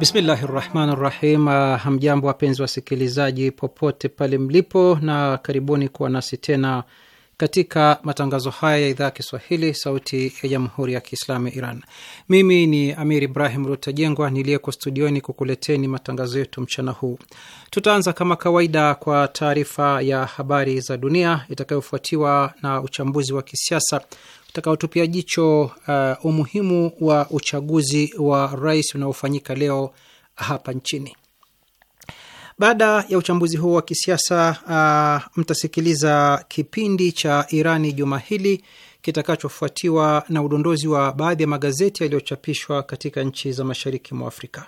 Bismillahi rahmani rahim. Ah, hamjambo wapenzi wasikilizaji, popote pale mlipo, na karibuni kuwa nasi tena katika matangazo haya ya idhaa ya Kiswahili, Sauti ya Jamhuri ya Kiislamu ya Iran. Mimi ni Amir Ibrahim Rutajengwa niliyeko studioni kukuleteni matangazo yetu mchana huu. Tutaanza kama kawaida kwa taarifa ya habari za dunia itakayofuatiwa na uchambuzi wa kisiasa utakaotupia jicho uh, umuhimu wa uchaguzi wa rais unaofanyika leo hapa nchini. Baada ya uchambuzi huo wa kisiasa uh, mtasikiliza kipindi cha Irani juma hili kitakachofuatiwa na udondozi wa baadhi ya magazeti yaliyochapishwa katika nchi za mashariki mwa Afrika.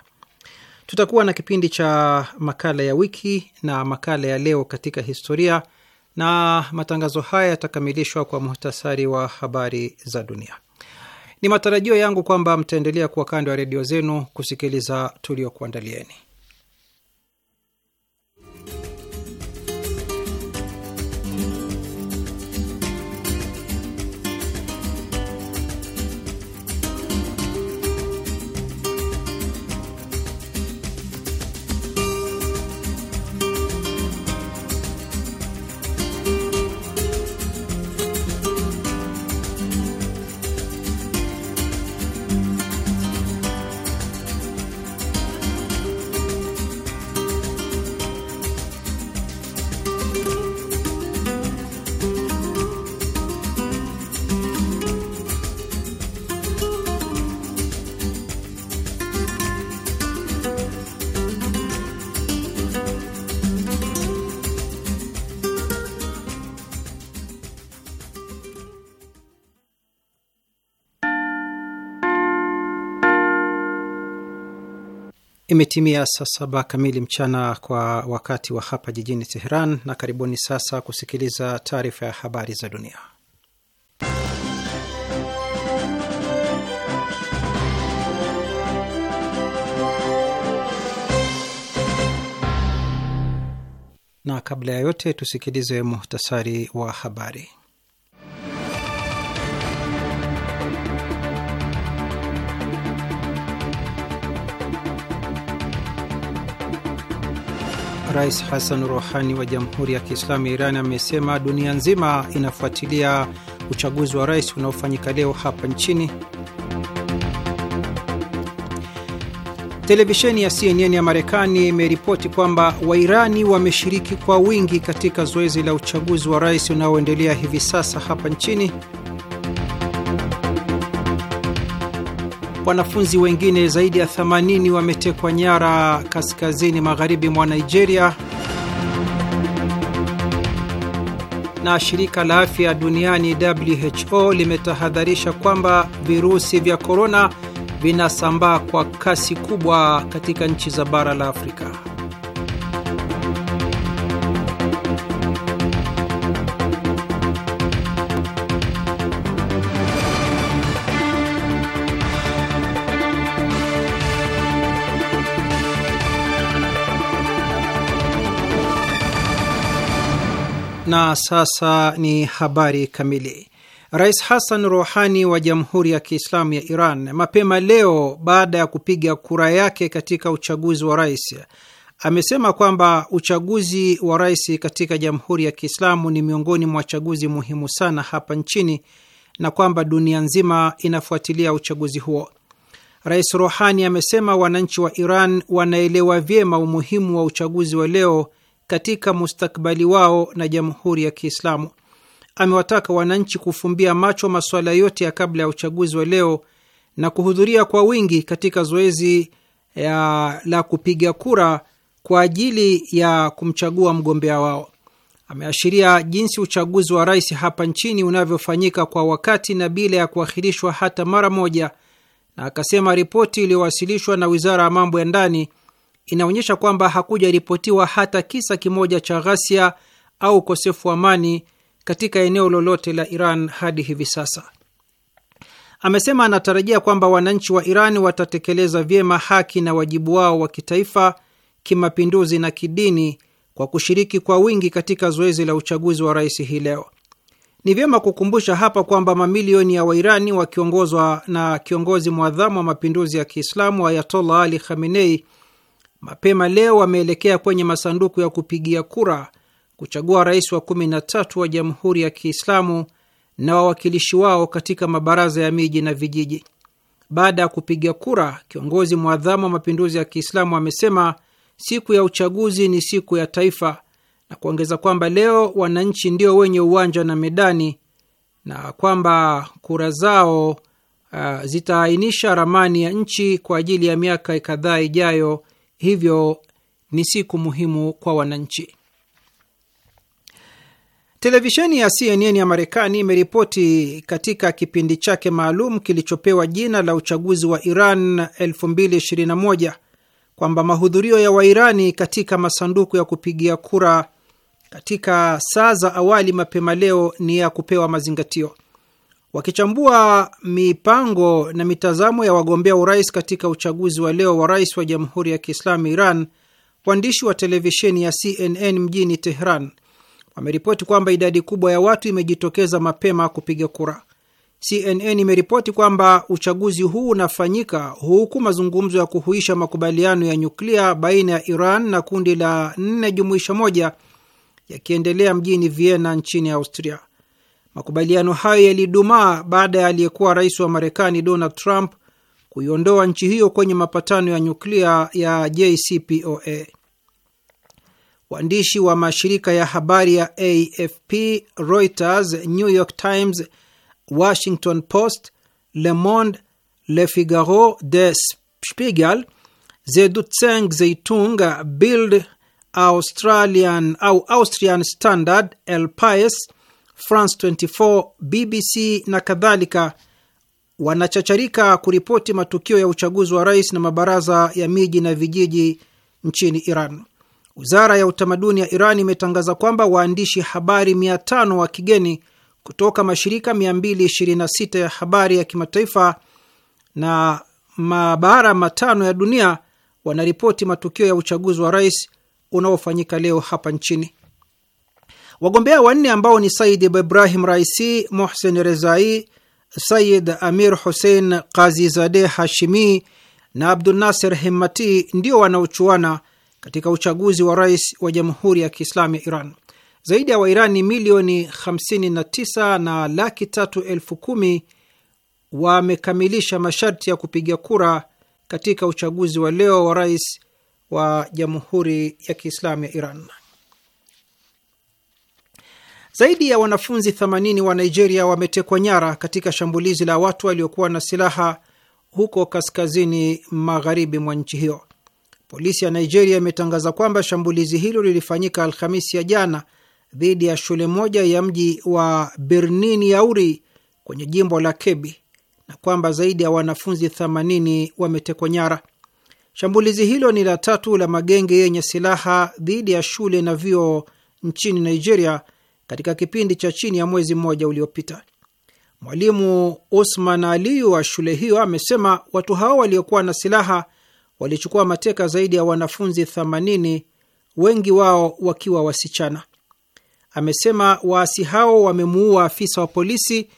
Tutakuwa na kipindi cha makala ya wiki na makala ya leo katika historia na matangazo haya yatakamilishwa kwa muhtasari wa habari za dunia. Ni matarajio yangu kwamba mtaendelea kuwa kando ya redio zenu kusikiliza tuliokuandalieni. Imetimia saa saba kamili mchana kwa wakati wa hapa jijini Teheran, na karibuni sasa kusikiliza taarifa ya habari za dunia. Na kabla ya yote tusikilize muhtasari wa habari. Rais Hassan Rouhani wa Jamhuri ya Kiislamu ya Iran amesema dunia nzima inafuatilia uchaguzi wa rais unaofanyika leo hapa nchini. Televisheni ya CNN ya Marekani imeripoti kwamba Wairani wameshiriki kwa wingi katika zoezi la uchaguzi wa rais unaoendelea hivi sasa hapa nchini. Wanafunzi wengine zaidi ya 80 wametekwa nyara kaskazini magharibi mwa Nigeria. Na shirika la afya duniani WHO limetahadharisha kwamba virusi vya korona vinasambaa kwa kasi kubwa katika nchi za bara la Afrika. Na sasa ni habari kamili. Rais Hassan Rouhani wa Jamhuri ya Kiislamu ya Iran mapema leo, baada ya kupiga kura yake katika uchaguzi wa rais, amesema kwamba uchaguzi wa rais katika Jamhuri ya Kiislamu ni miongoni mwa chaguzi muhimu sana hapa nchini na kwamba dunia nzima inafuatilia uchaguzi huo. Rais Rouhani amesema wananchi wa Iran wanaelewa vyema umuhimu wa uchaguzi wa leo katika mustakbali wao na Jamhuri ya Kiislamu. Amewataka wananchi kufumbia macho masuala yote ya kabla ya uchaguzi wa leo na kuhudhuria kwa wingi katika zoezi ya, eh, la kupiga kura kwa ajili ya kumchagua mgombea wao. Ameashiria jinsi uchaguzi wa rais hapa nchini unavyofanyika kwa wakati na bila ya kuahirishwa hata mara moja, na akasema ripoti iliyowasilishwa na Wizara ya Mambo ya Ndani inaonyesha kwamba hakujaripotiwa hata kisa kimoja cha ghasia au ukosefu wa amani katika eneo lolote la Iran hadi hivi sasa. Amesema anatarajia kwamba wananchi wa Iran watatekeleza vyema haki na wajibu wao wa kitaifa, kimapinduzi na kidini kwa kushiriki kwa wingi katika zoezi la uchaguzi wa rais hii leo. Ni vyema kukumbusha hapa kwamba mamilioni ya Wairani wakiongozwa na kiongozi mwadhamu wa mapinduzi ya Kiislamu Ayatollah Ali Khamenei mapema leo wameelekea kwenye masanduku ya kupigia kura kuchagua rais wa 13 wa Jamhuri ya Kiislamu na wawakilishi wao katika mabaraza ya miji na vijiji. Baada ya kupiga kura, kiongozi mwadhamu wa mapinduzi ya Kiislamu amesema siku ya uchaguzi ni siku ya taifa, na kuongeza kwamba leo wananchi ndio wenye uwanja na medani na kwamba kura zao uh, zitaainisha ramani ya nchi kwa ajili ya miaka kadhaa ijayo hivyo ni siku muhimu kwa wananchi. Televisheni ya CNN ya Marekani imeripoti katika kipindi chake maalum kilichopewa jina la uchaguzi wa Iran 2021 kwamba mahudhurio ya Wairani katika masanduku ya kupigia kura katika saa za awali mapema leo ni ya kupewa mazingatio. Wakichambua mipango na mitazamo ya wagombea urais katika uchaguzi wa leo wa rais wa Jamhuri ya Kiislamu Iran, waandishi wa televisheni ya CNN mjini Tehran wameripoti kwamba idadi kubwa ya watu imejitokeza mapema kupiga kura. CNN imeripoti kwamba uchaguzi huu unafanyika huku mazungumzo ya kuhuisha makubaliano ya nyuklia baina ya Iran na kundi la nne jumuisha moja yakiendelea mjini Vienna nchini Austria. Makubaliano hayo yalidumaa baada ya aliyekuwa rais wa Marekani Donald Trump kuiondoa nchi hiyo kwenye mapatano ya nyuklia ya JCPOA. Waandishi wa mashirika ya habari ya AFP, Reuters, New York Times, Washington Post, Le Monde, Le Figaro, Der Spiegel, Zedutzeng Zeitung, Bild, Australian au Austrian Standard, El Pais France 24, BBC na kadhalika wanachacharika kuripoti matukio ya uchaguzi wa rais na mabaraza ya miji na vijiji nchini Iran. Wizara ya utamaduni ya Iran imetangaza kwamba waandishi habari 500 wa kigeni kutoka mashirika 226 ya habari ya kimataifa na mabara matano ya dunia wanaripoti matukio ya uchaguzi wa rais unaofanyika leo hapa nchini. Wagombea wanne ambao ni Said Ibrahim Raisi, Mohsen Rezai, Said Amir Hussein zade Hashimi na Abdulnasir Himmati ndio wanaochuana katika uchaguzi wa rais wa Jamhuri ya Kiislamu ya Iran. Zaidi ya Wairani milioni 59 na laki tatu elfu kumi wamekamilisha masharti ya kupiga kura katika uchaguzi wa leo wa rais wa Jamhuri ya Kiislamu ya Iran. Zaidi ya wanafunzi 80 wa Nigeria wametekwa nyara katika shambulizi la watu waliokuwa na silaha huko kaskazini magharibi mwa nchi hiyo. Polisi ya Nigeria imetangaza kwamba shambulizi hilo lilifanyika Alhamisi ya jana dhidi ya shule moja ya mji wa Birnin Yauri kwenye jimbo la Kebbi na kwamba zaidi ya wanafunzi 80 wametekwa nyara. Shambulizi hilo ni la tatu la magenge yenye silaha dhidi ya shule na vyuo nchini Nigeria katika kipindi cha chini ya mwezi mmoja uliopita. Mwalimu Osman Aliyu wa shule hiyo amesema watu hao waliokuwa na silaha walichukua mateka zaidi ya wanafunzi 80 wengi wao wakiwa wasichana. Amesema waasi hao wamemuua afisa wa polisi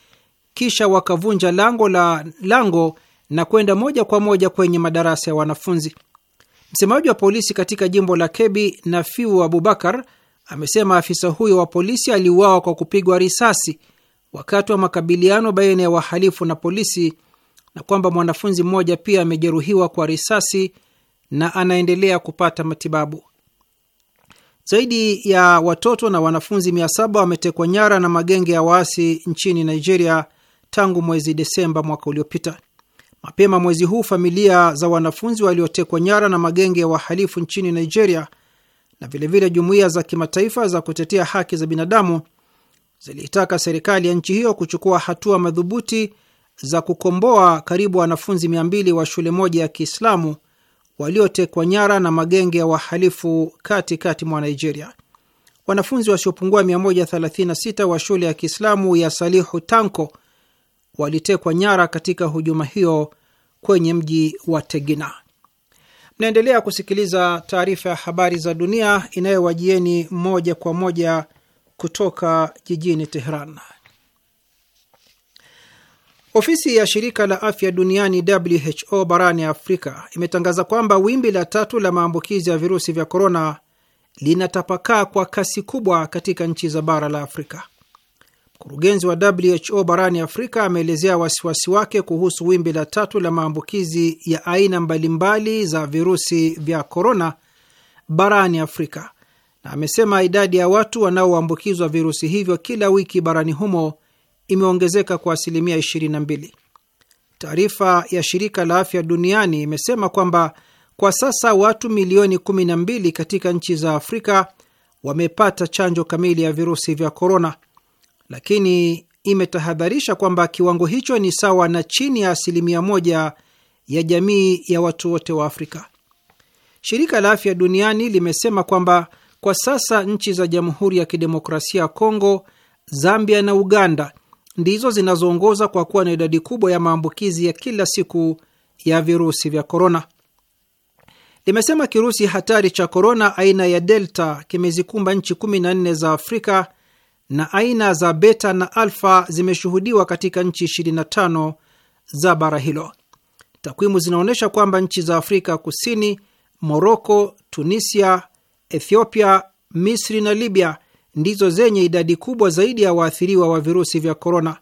kisha wakavunja lango la lango na kwenda moja kwa moja kwenye madarasa ya wanafunzi. Msemaji wa polisi katika jimbo la Kebi, Nafiu Abubakar, amesema afisa huyo wa polisi aliuawa kwa kupigwa risasi wakati wa makabiliano baina ya wahalifu na polisi na kwamba mwanafunzi mmoja pia amejeruhiwa kwa risasi na anaendelea kupata matibabu. Zaidi ya watoto na wanafunzi mia saba wametekwa nyara na magenge ya waasi nchini Nigeria tangu mwezi Desemba mwaka uliopita. Mapema mwezi huu familia za wanafunzi waliotekwa nyara na magenge ya wahalifu nchini Nigeria na vilevile jumuiya za kimataifa za kutetea haki za binadamu ziliitaka serikali ya nchi hiyo kuchukua hatua madhubuti za kukomboa karibu wanafunzi 2 wa shule moja ya Kiislamu waliotekwa nyara na magenge ya wahalifu katikati mwa Nigeria. Wanafunzi wasiopungua 136 wa shule ya Kiislamu ya Salihu Tanko walitekwa nyara katika hujuma hiyo kwenye mji wa Tegina. Mnaendelea kusikiliza taarifa ya habari za dunia inayowajieni moja kwa moja kutoka jijini Tehran. Ofisi ya shirika la afya duniani WHO barani Afrika imetangaza kwamba wimbi la tatu la maambukizi ya virusi vya korona linatapakaa kwa kasi kubwa katika nchi za bara la Afrika. Mkurugenzi wa WHO barani Afrika ameelezea wasiwasi wake kuhusu wimbi la tatu la maambukizi ya aina mbalimbali za virusi vya korona barani Afrika na amesema idadi ya watu wanaoambukizwa virusi hivyo kila wiki barani humo imeongezeka kwa asilimia 22. Taarifa ya shirika la afya duniani imesema kwamba kwa sasa watu milioni 12 katika nchi za Afrika wamepata chanjo kamili ya virusi vya korona lakini imetahadharisha kwamba kiwango hicho ni sawa na chini ya asilimia moja ya jamii ya watu wote wa Afrika. Shirika la Afya Duniani limesema kwamba kwa sasa nchi za Jamhuri ya Kidemokrasia ya Kongo, Zambia na Uganda ndizo zinazoongoza kwa kuwa na idadi kubwa ya maambukizi ya kila siku ya virusi vya korona. Limesema kirusi hatari cha korona aina ya Delta kimezikumba nchi 14 za Afrika na aina za beta na alfa zimeshuhudiwa katika nchi 25 za bara hilo. Takwimu zinaonyesha kwamba nchi za Afrika Kusini, Moroko, Tunisia, Ethiopia, Misri na Libya ndizo zenye idadi kubwa zaidi ya waathiriwa wa virusi vya korona.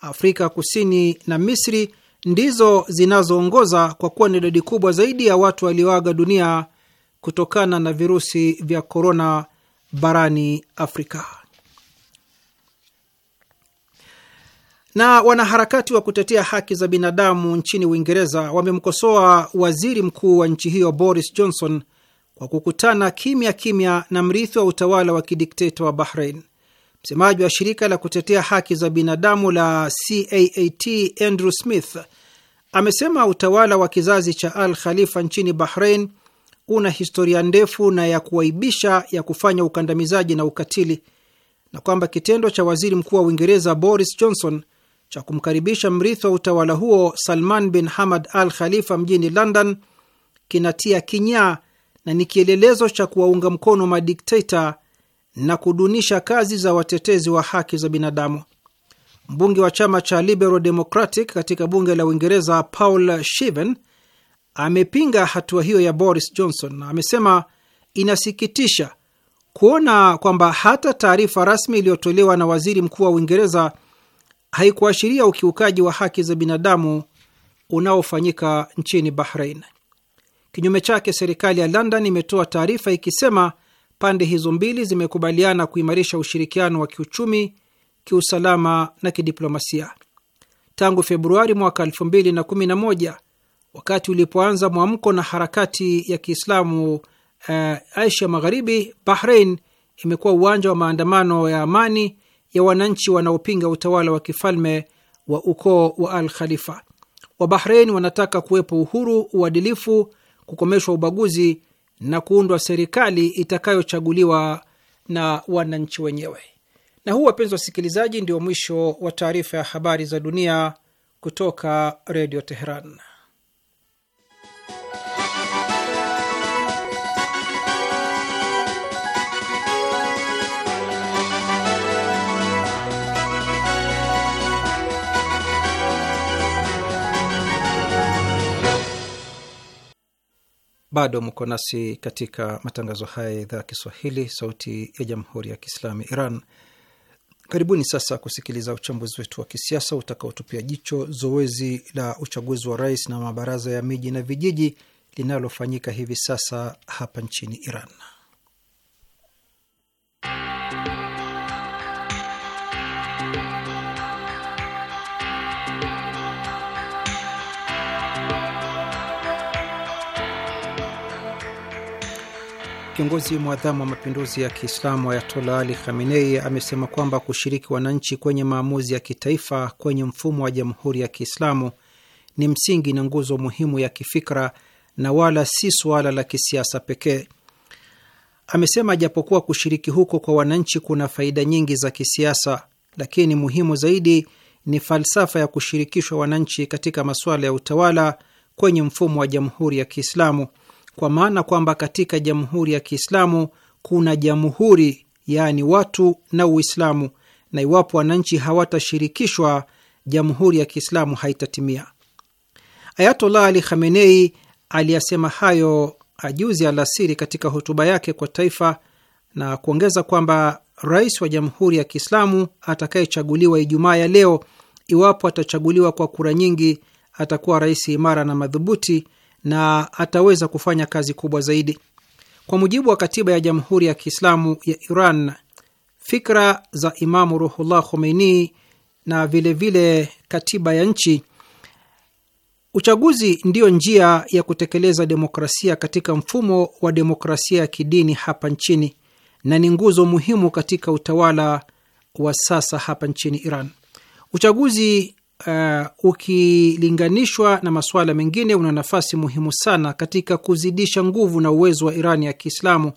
Afrika Kusini na Misri ndizo zinazoongoza kwa kuwa na idadi kubwa zaidi ya watu walioaga dunia kutokana na virusi vya korona barani Afrika. Na wanaharakati wa kutetea haki za binadamu nchini Uingereza wamemkosoa waziri mkuu wa nchi hiyo Boris Johnson kwa kukutana kimya kimya na mrithi wa utawala wa kidikteta wa Bahrain. Msemaji wa shirika la kutetea haki za binadamu la CAAT Andrew Smith amesema utawala wa kizazi cha Al Khalifa nchini Bahrain una historia ndefu na ya kuaibisha ya kufanya ukandamizaji na ukatili na kwamba kitendo cha waziri mkuu wa Uingereza Boris Johnson cha kumkaribisha mrithi wa utawala huo Salman bin Hamad al Khalifa mjini London kinatia kinyaa na ni kielelezo cha kuwaunga mkono madikteta na kudunisha kazi za watetezi wa haki za binadamu. Mbunge wa chama cha Liberal Democratic katika bunge la Uingereza Paul Shiven amepinga hatua hiyo ya Boris Johnson na amesema inasikitisha kuona kwamba hata taarifa rasmi iliyotolewa na waziri mkuu wa Uingereza haikuashiria ukiukaji wa haki za binadamu unaofanyika nchini Bahrain. Kinyume chake, serikali ya London imetoa taarifa ikisema pande hizo mbili zimekubaliana kuimarisha ushirikiano wa kiuchumi, kiusalama na kidiplomasia. Tangu Februari mwaka 2011 wakati ulipoanza mwamko na harakati ya Kiislamu uh, Asia Magharibi, Bahrain imekuwa uwanja wa maandamano ya amani ya wananchi wanaopinga utawala wa kifalme wa ukoo wa Al Khalifa Wabahrein wanataka kuwepo uhuru, uadilifu, kukomeshwa ubaguzi na kuundwa serikali itakayochaguliwa na wananchi wenyewe. Na huu, wapenzi wasikilizaji, ndio mwisho wa taarifa ya habari za dunia kutoka Redio Teheran. Bado mko nasi katika matangazo haya ya idhaa ya Kiswahili, sauti ya jamhuri ya kiislamu Iran. Karibuni sasa kusikiliza uchambuzi wetu wa kisiasa utakaotupia jicho zoezi la uchaguzi wa rais na mabaraza ya miji na vijiji linalofanyika hivi sasa hapa nchini Iran. Kiongozi mwadhamu wa mapinduzi ya Kiislamu Ayatola Ali Khamenei amesema kwamba kushiriki wananchi kwenye maamuzi ya kitaifa kwenye mfumo wa jamhuri ya Kiislamu ni msingi na nguzo muhimu ya kifikra na wala si suala la kisiasa pekee. Amesema japokuwa kushiriki huko kwa wananchi kuna faida nyingi za kisiasa, lakini muhimu zaidi ni falsafa ya kushirikishwa wananchi katika masuala ya utawala kwenye mfumo wa jamhuri ya Kiislamu kwa maana kwamba katika jamhuri ya Kiislamu kuna jamhuri, yaani watu na Uislamu, na iwapo wananchi hawatashirikishwa, jamhuri ya Kiislamu haitatimia. Ayatollah Ali Khamenei aliyasema hayo ajuzi alasiri katika hotuba yake kwa taifa na kuongeza kwamba rais wa jamhuri ya Kiislamu atakayechaguliwa Ijumaa ya leo, iwapo atachaguliwa kwa kura nyingi, atakuwa rais imara na madhubuti na ataweza kufanya kazi kubwa zaidi. Kwa mujibu wa katiba ya Jamhuri ya Kiislamu ya Iran, fikra za Imamu Ruhullah Khomeini na vilevile vile katiba ya nchi, uchaguzi ndiyo njia ya kutekeleza demokrasia katika mfumo wa demokrasia ya kidini hapa nchini na ni nguzo muhimu katika utawala wa sasa hapa nchini Iran. Uchaguzi uh, ukilinganishwa na masuala mengine una nafasi muhimu sana katika kuzidisha nguvu na uwezo wa iran ya Kiislamu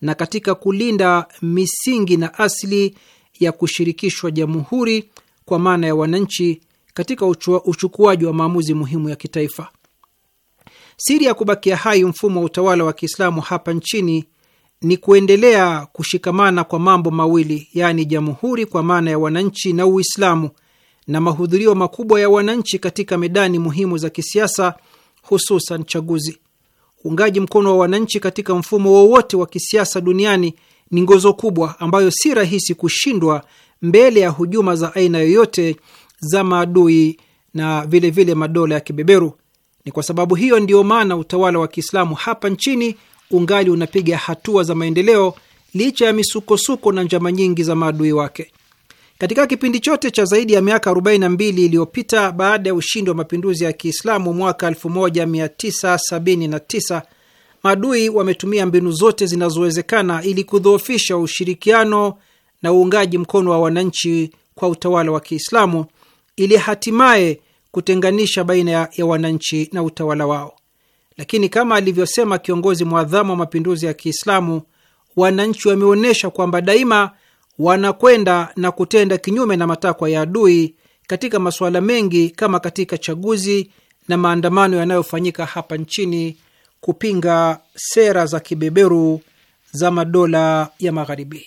na katika kulinda misingi na asili ya kushirikishwa jamhuri kwa maana ya wananchi katika uchukuaji wa maamuzi muhimu ya kitaifa. Siri ya kubakia hai mfumo wa utawala wa Kiislamu hapa nchini ni kuendelea kushikamana kwa mambo mawili, yaani jamhuri kwa maana ya wananchi na Uislamu na mahudhurio makubwa ya wananchi katika medani muhimu za kisiasa, hususan chaguzi. Uungaji mkono wa wananchi katika mfumo wowote wa kisiasa duniani ni nguzo kubwa ambayo si rahisi kushindwa mbele ya hujuma za aina yoyote za maadui na vilevile vile madola ya kibeberu. Ni kwa sababu hiyo ndiyo maana utawala wa Kiislamu hapa nchini ungali unapiga hatua za maendeleo licha ya misukosuko na njama nyingi za maadui wake. Katika kipindi chote cha zaidi ya miaka 42 iliyopita baada ya ushindi wa mapinduzi ya Kiislamu mwaka 1979 maadui wametumia mbinu zote zinazowezekana ili kudhoofisha ushirikiano na uungaji mkono wa wananchi kwa utawala wa Kiislamu ili hatimaye kutenganisha baina ya wananchi na utawala wao. Lakini kama alivyosema kiongozi mwadhamu wa mapinduzi ya Kiislamu, wananchi wameonyesha kwamba daima wanakwenda na kutenda kinyume na matakwa ya adui katika masuala mengi kama katika chaguzi na maandamano yanayofanyika hapa nchini kupinga sera za kibeberu za madola ya Magharibi.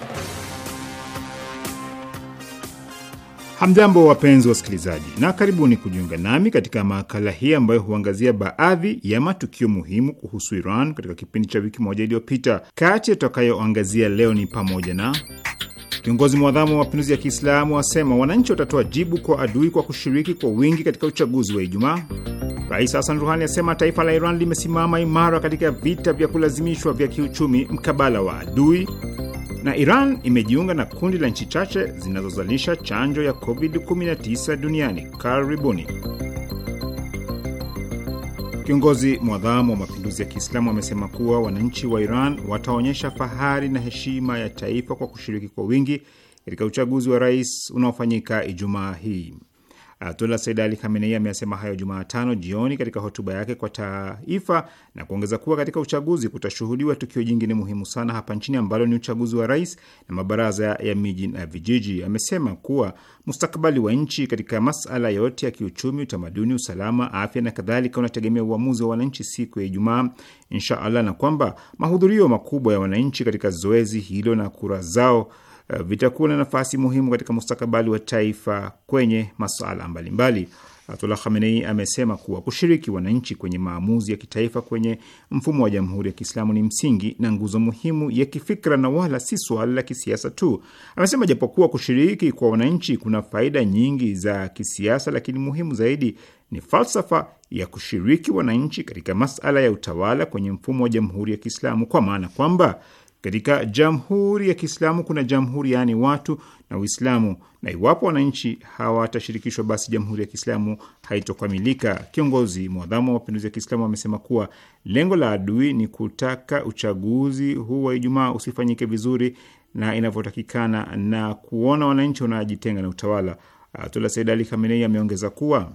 Hamjambo, wapenzi wasikilizaji, na karibuni kujiunga nami katika makala hii ambayo huangazia baadhi ya matukio muhimu kuhusu Iran katika kipindi cha wiki moja iliyopita. Kati yatakayoangazia leo ni pamoja na kiongozi mwadhamu wa mapinduzi ya Kiislamu asema wananchi watatoa jibu kwa adui kwa kushiriki kwa wingi katika uchaguzi wa Ijumaa. Rais Hasan Ruhani asema taifa la Iran limesimama imara katika vita vya kulazimishwa vya kiuchumi mkabala wa adui na Iran imejiunga na kundi la nchi chache zinazozalisha chanjo ya COVID-19 duniani. Karibuni. Kiongozi mwadhamu wa mapinduzi ya Kiislamu amesema kuwa wananchi wa Iran wataonyesha fahari na heshima ya taifa kwa kushiriki kwa wingi katika uchaguzi wa rais unaofanyika Ijumaa hii. Ayatullah Said Ali Khamenei amesema hayo Jumatano jioni katika hotuba yake kwa taifa na kuongeza kuwa katika uchaguzi kutashuhudiwa tukio jingine muhimu sana hapa nchini ambalo ni uchaguzi wa rais na mabaraza ya miji na vijiji. Amesema kuwa mustakabali wa nchi katika masala yote ya kiuchumi, utamaduni, usalama, afya na kadhalika unategemea uamuzi wa wananchi siku ya Ijumaa insha Allah, na kwamba mahudhurio makubwa ya wananchi katika zoezi hilo na kura zao Eh, vitakuwa na nafasi muhimu katika mustakabali wa taifa kwenye masuala mbalimbali. Ayatullah Khamenei amesema kuwa kushiriki wananchi kwenye maamuzi ya kitaifa kwenye mfumo wa Jamhuri ya Kiislamu ni msingi na nguzo muhimu ya kifikra na wala si suala la kisiasa tu. Amesema japokuwa kushiriki kwa wananchi kuna faida nyingi za kisiasa, lakini muhimu zaidi ni falsafa ya kushiriki wananchi katika masala ya utawala kwenye mfumo wa Jamhuri ya Kiislamu, kwa maana kwamba katika jamhuri ya Kiislamu kuna jamhuri, yaani watu na Uislamu, na iwapo wananchi hawatashirikishwa, basi jamhuri ya Kiislamu haitokamilika. Kiongozi mwadhamu wa mapinduzi ya Kiislamu amesema kuwa lengo la adui ni kutaka uchaguzi huu wa Ijumaa usifanyike vizuri na inavyotakikana na kuona wananchi wanajitenga na utawala. Ayatullah Said Ali Khamenei ameongeza kuwa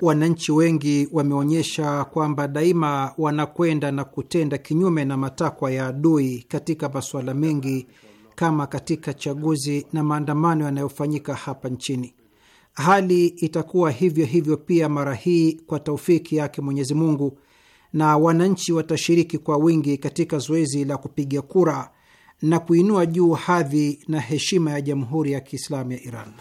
wananchi wengi wameonyesha kwamba daima wanakwenda na kutenda kinyume na matakwa ya adui katika masuala mengi, kama katika chaguzi na maandamano yanayofanyika hapa nchini. Hali itakuwa hivyo hivyo pia mara hii kwa taufiki yake Mwenyezi Mungu, na wananchi watashiriki kwa wingi katika zoezi la kupiga kura na kuinua juu hadhi na heshima ya Jamhuri ya Kiislamu ya Iran.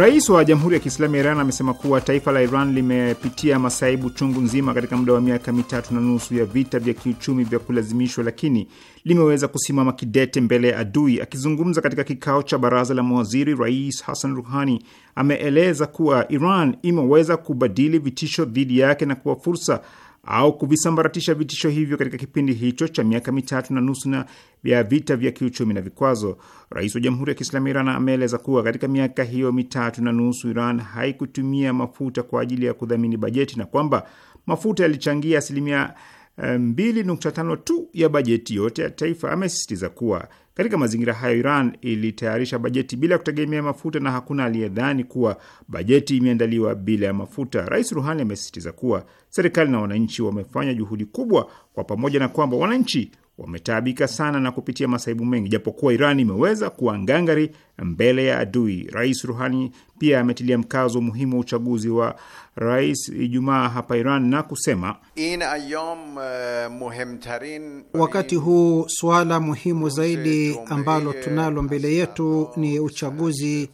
Rais wa Jamhuri ya Kiislamu ya Iran amesema kuwa taifa la Iran limepitia masaibu chungu nzima katika muda wa miaka mitatu na nusu ya vita vya kiuchumi vya kulazimishwa, lakini limeweza kusimama kidete mbele ya adui. Akizungumza katika kikao cha baraza la mawaziri, Rais Hassan Ruhani ameeleza kuwa Iran imeweza kubadili vitisho dhidi yake na kuwa fursa au kuvisambaratisha vitisho hivyo katika kipindi hicho cha miaka mitatu na nusu na vya vita vya kiuchumi na vikwazo. Rais wa Jamhuri ya Kiislamu Iran ameeleza kuwa katika miaka hiyo mitatu na nusu Iran haikutumia mafuta kwa ajili ya kudhamini bajeti na kwamba mafuta yalichangia asilimia 2.5 eh, tu ya bajeti yote ya taifa. Amesisitiza kuwa katika mazingira hayo, Iran ilitayarisha bajeti bila kutegemea mafuta na hakuna aliyedhani kuwa bajeti imeandaliwa bila ya mafuta. Rais Ruhani amesisitiza kuwa serikali na wananchi wamefanya juhudi kubwa kwa pamoja na kwamba wananchi wametaabika sana na kupitia masaibu mengi. Japokuwa Iran imeweza kuwa ngangari mbele ya adui, Rais Ruhani pia ametilia mkazo umuhimu wa uchaguzi wa rais Ijumaa hapa Iran na kusema In ayom, uh, muhimtarin... wakati huu suala muhimu zaidi ambalo tunalo mbele yetu ni uchaguzi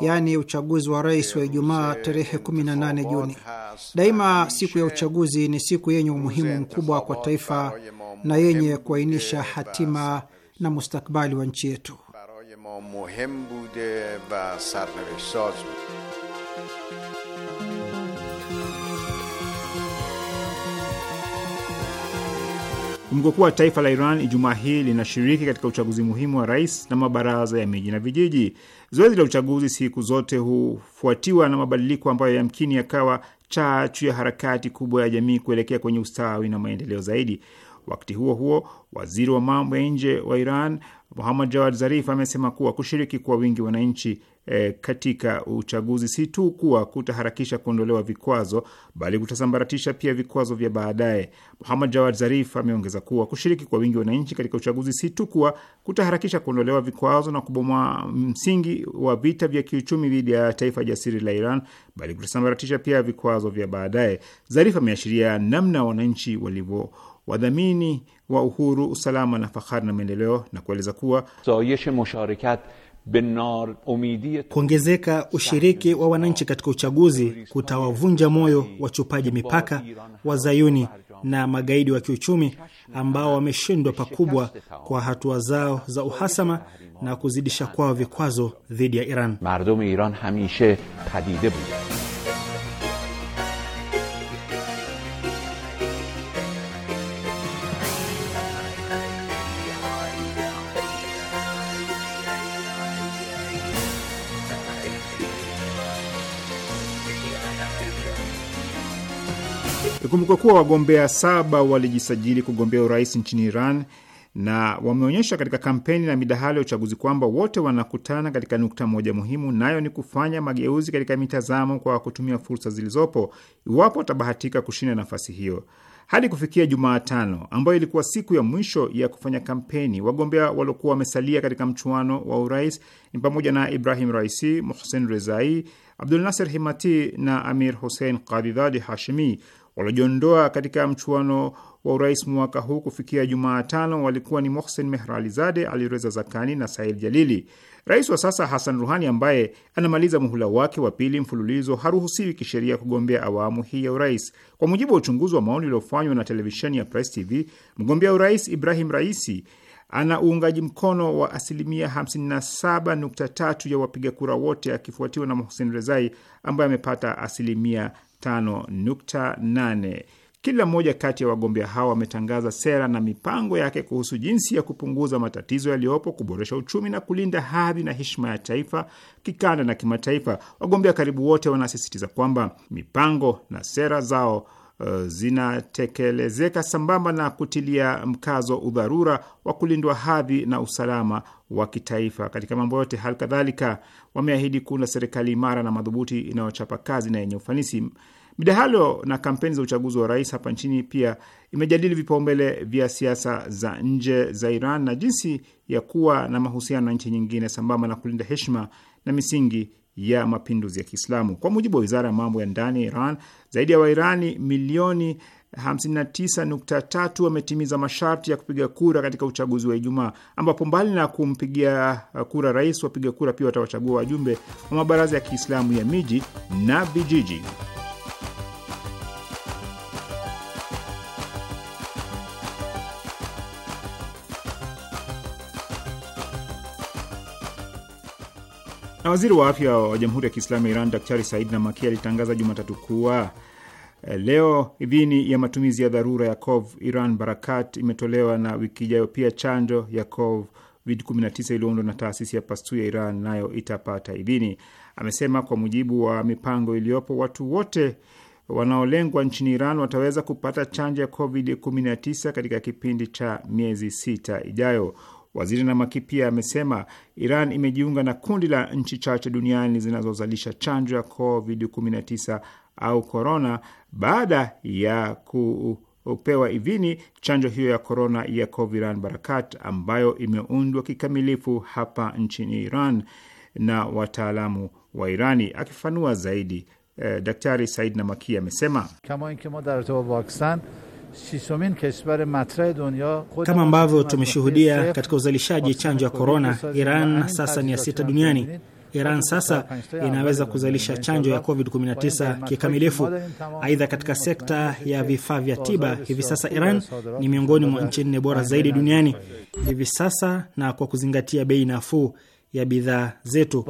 yaani uchaguzi wa rais wa Ijumaa tarehe 18 Juni. Daima siku ya uchaguzi ni siku yenye umuhimu mkubwa kwa taifa na yenye kuainisha hatima na mustakbali wa nchi yetu. Kumbuka wa taifa la Iran Ijumaa hii linashiriki katika uchaguzi muhimu wa rais na mabaraza ya miji na vijiji. Zoezi la uchaguzi siku zote hufuatiwa na mabadiliko ambayo yamkini yakawa chachu ya harakati kubwa ya jamii kuelekea kwenye ustawi na maendeleo zaidi. Wakati huo huo, waziri wa mambo ya nje wa Iran Muhammad Jawad Zarif amesema kuwa kushiriki kwa wingi wananchi e, katika uchaguzi si tu kuwa kutaharakisha kuondolewa vikwazo bali kutasambaratisha pia vikwazo vya baadaye. Muhammad Jawad Zarif ameongeza kuwa kushiriki kwa wingi wananchi katika uchaguzi si tu kuwa kutaharakisha kuondolewa vikwazo na kubomoa msingi wa vita vya kiuchumi dhidi ya taifa jasiri la Iran bali kutasambaratisha pia vikwazo vya baadaye. Zarif ameashiria namna wananchi walivyo wadhamini wa uhuru, usalama na fahari na maendeleo, na kueleza kuwa kuongezeka ushiriki wa wananchi katika uchaguzi kutawavunja moyo wachupaji mipaka, wazayuni na magaidi wa kiuchumi ambao wameshindwa pakubwa kwa hatua zao za uhasama na kuzidisha kwao vikwazo dhidi ya Iran. Ikumbukwe kuwa wagombea saba walijisajili kugombea urais nchini Iran na wameonyesha katika kampeni na midahalo ya uchaguzi kwamba wote wanakutana katika nukta moja muhimu, nayo ni kufanya mageuzi katika mitazamo kwa kutumia fursa zilizopo, iwapo watabahatika kushinda nafasi hiyo. Hadi kufikia Jumatano, ambayo ilikuwa siku ya mwisho ya kufanya kampeni, wagombea waliokuwa wamesalia katika mchuano wa urais ni pamoja na Ibrahim Raisi, Mohsen Rezai, Abdul Himati na Amir Hussein Kadhidhadi Hashimi. Waliojiondoa katika mchuano wa urais mwaka huu kufikia Jumatano walikuwa ni Mohsen Mehralizade, Alireza Zakani na Said Jalili. Rais wa sasa Hasan Ruhani, ambaye anamaliza muhula wake wa pili mfululizo, haruhusiwi kisheria kugombea awamu hii ya urais. Kwa mujibu wa uchunguzi wa maoni uliofanywa na televisheni ya Press TV, mgombea urais Ibrahim Raisi ana uungaji mkono wa asilimia 57.3 ya wapiga kura wote, akifuatiwa na Mohsen Rezai ambaye amepata asilimia 5.8. Kila mmoja kati ya wagombea hao wametangaza sera na mipango yake kuhusu jinsi ya kupunguza matatizo yaliyopo, kuboresha uchumi na kulinda hadhi na heshima ya taifa kikanda na kimataifa. Wagombea karibu wote wanasisitiza kwamba mipango na sera zao Eh, zinatekelezeka sambamba na kutilia mkazo udharura wa kulindwa hadhi na usalama wa kitaifa katika mambo yote. Hali kadhalika wameahidi kuunda serikali imara na madhubuti inayochapa kazi na yenye ufanisi. Midahalo na kampeni za uchaguzi wa rais hapa nchini pia imejadili vipaumbele vya siasa za nje za Iran na jinsi ya kuwa na mahusiano na nchi nyingine sambamba na kulinda heshima na misingi ya mapinduzi ya Kiislamu. Kwa mujibu wa wizara ya mambo ya ndani ya Iran, zaidi ya Wairani milioni 59.3 wametimiza masharti ya kupiga kura katika uchaguzi wa Ijumaa, ambapo mbali na kumpigia uh, kura rais, wapiga kura pia watawachagua wajumbe wa mabaraza ya Kiislamu ya miji na vijiji. Na waziri wa afya wa Jamhuri ya Kiislamu ya Iran Daktari Said Namaki alitangaza Jumatatu kuwa eh, leo idhini ya matumizi ya dharura ya Cov Iran Barakat imetolewa na wiki ijayo pia chanjo ya Covid 19 iliyoundwa na taasisi ya Pastu ya Iran nayo itapata idhini. Amesema kwa mujibu wa mipango iliyopo, watu wote wanaolengwa nchini Iran wataweza kupata chanjo ya Covid 19 katika kipindi cha miezi sita ijayo. Waziri Namaki pia amesema Iran imejiunga na kundi la nchi chache duniani zinazozalisha chanjo ya COVID-19 au korona baada ya kupewa idhini chanjo hiyo ya korona ya Coviran Barakat ambayo imeundwa kikamilifu hapa nchini Iran na wataalamu wa Irani. Akifafanua zaidi, eh, Daktari Said Namaki amesema kama kama ambavyo tumeshuhudia katika uzalishaji chanjo ya korona, Iran sasa ni ya sita duniani. Iran sasa inaweza kuzalisha chanjo ya COVID-19 kikamilifu. Aidha, katika sekta ya vifaa vya tiba, hivi sasa Iran ni miongoni mwa nchi nne bora zaidi duniani hivi sasa, na kwa kuzingatia bei nafuu ya bidhaa zetu.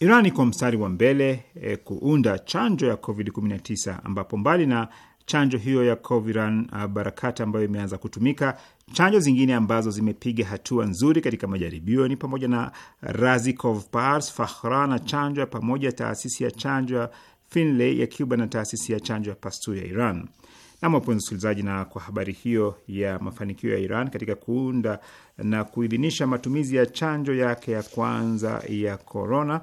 Iran iko mstari wa mbele e, kuunda chanjo ya COVID-19 ambapo mbali na chanjo hiyo ya Coviran ah, Barakata ambayo imeanza kutumika, chanjo zingine ambazo zimepiga hatua nzuri katika majaribio ni pamoja na Razikov, Pars, Fakhra na chanjo ya pamoja taasisi ya chanjo ya Finlay ya Cuba na taasisi ya chanjo ya Pasteur ya Iran. Nam, wapenzi msikilizaji, na kwa habari hiyo ya mafanikio ya Iran katika kuunda na kuidhinisha matumizi ya chanjo yake ya kwanza ya korona,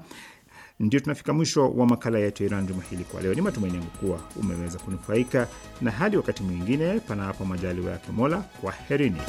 ndio tunafika mwisho wa makala yetu ya Iran juma hili kwa leo. Ni matumaini yangu kuwa umeweza kunufaika, na hadi wakati mwingine, panapo majaliwa yake Mola, kwaherini.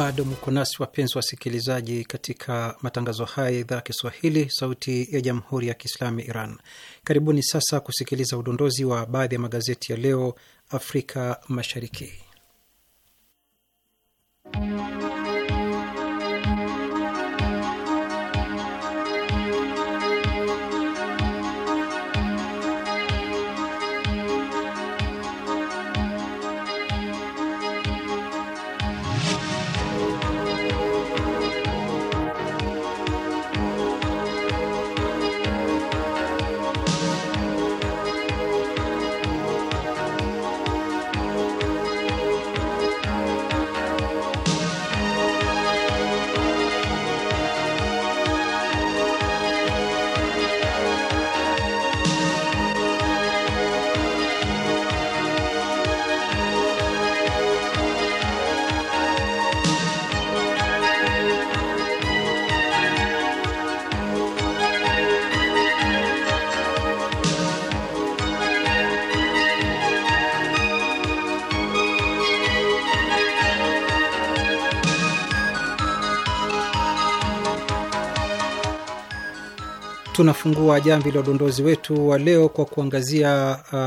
Bado mko nasi wapenzi wasikilizaji, katika matangazo haya ya idhaa ya Kiswahili, sauti ya jamhuri ya kiislamu Iran. Karibuni sasa kusikiliza udondozi wa baadhi ya magazeti ya leo Afrika Mashariki. tunafungua jamvi la udondozi wetu wa leo kwa kuangazia uh,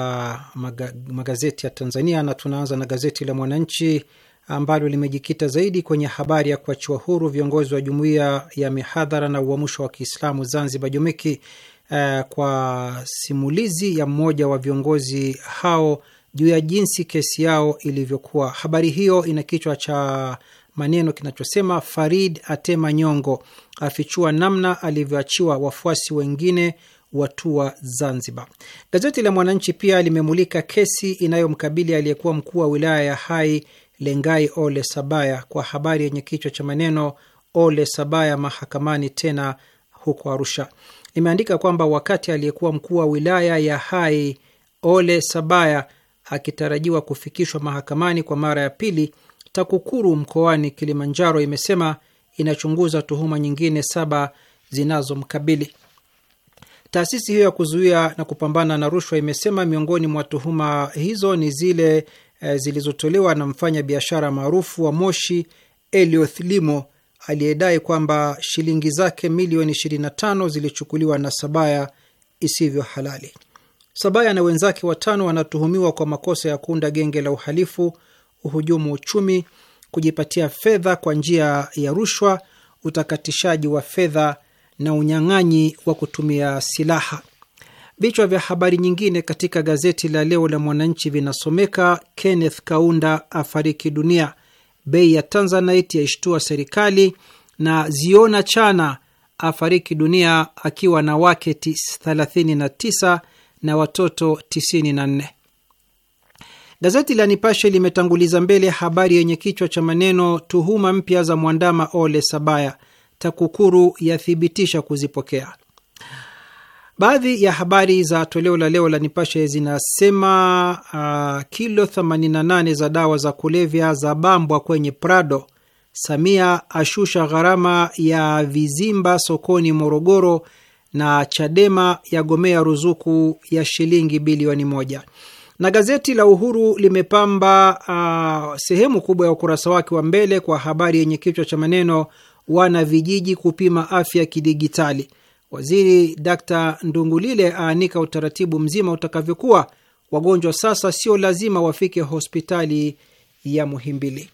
maga, magazeti ya Tanzania na tunaanza na gazeti la Mwananchi ambalo limejikita zaidi kwenye habari ya kuachiwa huru viongozi wa jumuiya ya mihadhara na uamsho wa Kiislamu Zanzibar Jumiki, uh, kwa simulizi ya mmoja wa viongozi hao juu ya jinsi kesi yao ilivyokuwa. Habari hiyo ina kichwa cha maneno kinachosema Farid atema nyongo, afichua namna alivyoachiwa wafuasi wengine watua Zanzibar. Gazeti la Mwananchi pia limemulika kesi inayomkabili aliyekuwa mkuu wa wilaya ya Hai Lengai Ole Sabaya kwa habari yenye kichwa cha maneno Ole Sabaya mahakamani tena huko Arusha. Limeandika kwamba wakati aliyekuwa mkuu wa wilaya ya Hai Ole Sabaya akitarajiwa kufikishwa mahakamani kwa mara ya pili, TAKUKURU mkoani Kilimanjaro imesema inachunguza tuhuma nyingine saba zinazomkabili. Taasisi hiyo ya kuzuia na kupambana na rushwa imesema miongoni mwa tuhuma hizo ni zile e, zilizotolewa na mfanya biashara maarufu wa Moshi Elioth Limo aliyedai kwamba shilingi zake milioni 25 zilichukuliwa na Sabaya isivyo halali. Sabaya na wenzake watano wanatuhumiwa kwa makosa ya kuunda genge la uhalifu uhujumu uchumi, kujipatia fedha kwa njia ya rushwa, utakatishaji wa fedha na unyang'anyi wa kutumia silaha. Vichwa vya habari nyingine katika gazeti la leo la Mwananchi vinasomeka: Kenneth Kaunda afariki dunia, bei ya Tanzanite yaishtua serikali, na Ziona Chana afariki dunia akiwa na wake 39 na watoto 94. Gazeti la Nipashe limetanguliza mbele habari yenye kichwa cha maneno tuhuma mpya za mwandama Ole Sabaya, TAKUKURU yathibitisha kuzipokea. Baadhi ya habari za toleo la leo la Nipashe zinasema uh, kilo 88 za dawa za kulevya za bambwa kwenye Prado. Samia ashusha gharama ya vizimba sokoni Morogoro, na Chadema yagomea ruzuku ya shilingi bilioni moja na gazeti la Uhuru limepamba uh, sehemu kubwa ya ukurasa wake wa mbele kwa habari yenye kichwa cha maneno wana vijiji kupima afya kidigitali. Waziri Dr. Ndungulile aanika utaratibu mzima utakavyokuwa. Wagonjwa sasa sio lazima wafike hospitali ya Muhimbili.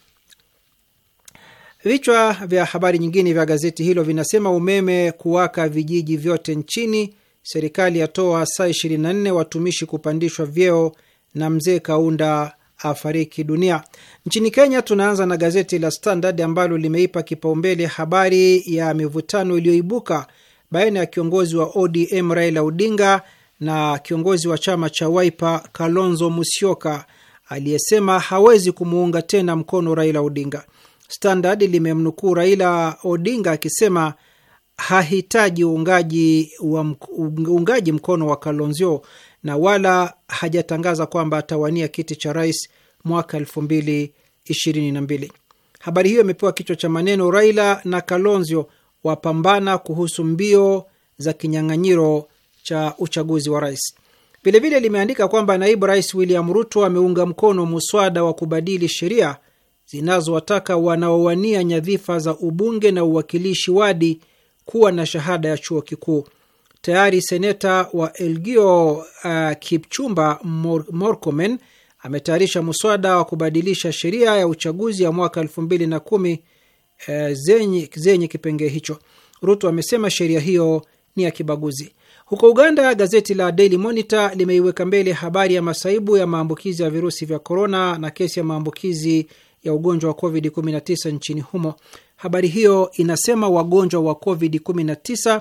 Vichwa vya habari nyingine vya gazeti hilo vinasema: umeme kuwaka vijiji vyote nchini, serikali yatoa saa 24 watumishi kupandishwa vyeo na mzee Kaunda afariki dunia. Nchini Kenya, tunaanza na gazeti la Standard ambalo limeipa kipaumbele habari ya mivutano iliyoibuka baina ya kiongozi wa ODM Raila Odinga na kiongozi wa chama cha Wiper Kalonzo Musyoka aliyesema hawezi kumuunga tena mkono Raila Odinga. Standard limemnukuu Raila Odinga akisema hahitaji uungaji, uungaji mkono wa Kalonzo na wala hajatangaza kwamba atawania kiti cha rais mwaka elfu mbili ishirini na mbili. Habari hiyo imepewa kichwa cha maneno Raila na Kalonzo wapambana kuhusu mbio za kinyang'anyiro cha uchaguzi wa rais. Vilevile limeandika kwamba naibu rais William Ruto ameunga mkono muswada wa kubadili sheria zinazowataka wanaowania nyadhifa za ubunge na uwakilishi wadi kuwa na shahada ya chuo kikuu. Tayari seneta wa elgio uh, Kipchumba Mor Morkomen ametayarisha mswada wa kubadilisha sheria ya uchaguzi ya mwaka elfu mbili na kumi uh, zenye, zenye kipengee hicho. Ruto amesema sheria hiyo ni ya kibaguzi. Huko Uganda, gazeti la Daily Monitor limeiweka mbele habari ya masaibu ya maambukizi ya virusi vya korona na kesi ya maambukizi ya ugonjwa wa COVID-19 nchini humo. Habari hiyo inasema wagonjwa wa COVID-19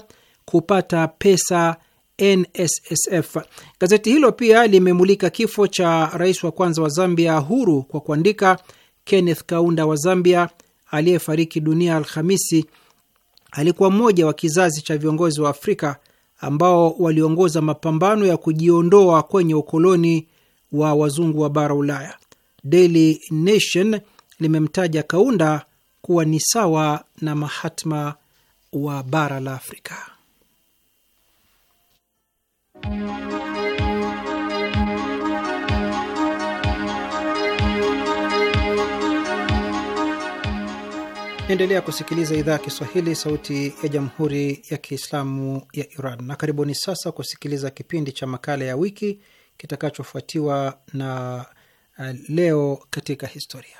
kupata pesa NSSF. Gazeti hilo pia limemulika kifo cha rais wa kwanza wa Zambia huru kwa kuandika, Kenneth Kaunda wa Zambia aliyefariki dunia Alhamisi alikuwa mmoja wa kizazi cha viongozi wa Afrika ambao waliongoza mapambano ya kujiondoa kwenye ukoloni wa wazungu wa bara Ulaya. Daily Nation limemtaja Kaunda kuwa ni sawa na Mahatma wa bara la Afrika. Naendelea kusikiliza idhaa ya Kiswahili, sauti ya jamhuri ya kiislamu ya Iran. Na karibuni sasa kusikiliza kipindi cha makala ya wiki kitakachofuatiwa na uh, leo katika historia.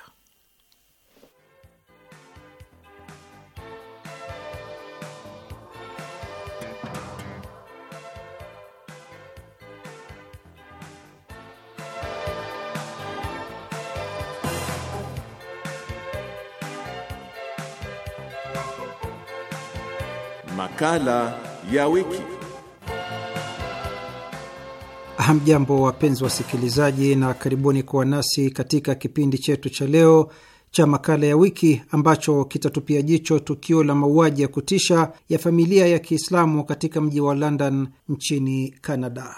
Makala ya wiki. Hamjambo, wapenzi wasikilizaji, na karibuni kuwa nasi katika kipindi chetu cha leo cha makala ya wiki ambacho kitatupia jicho tukio la mauaji ya kutisha ya familia ya Kiislamu katika mji wa London nchini canada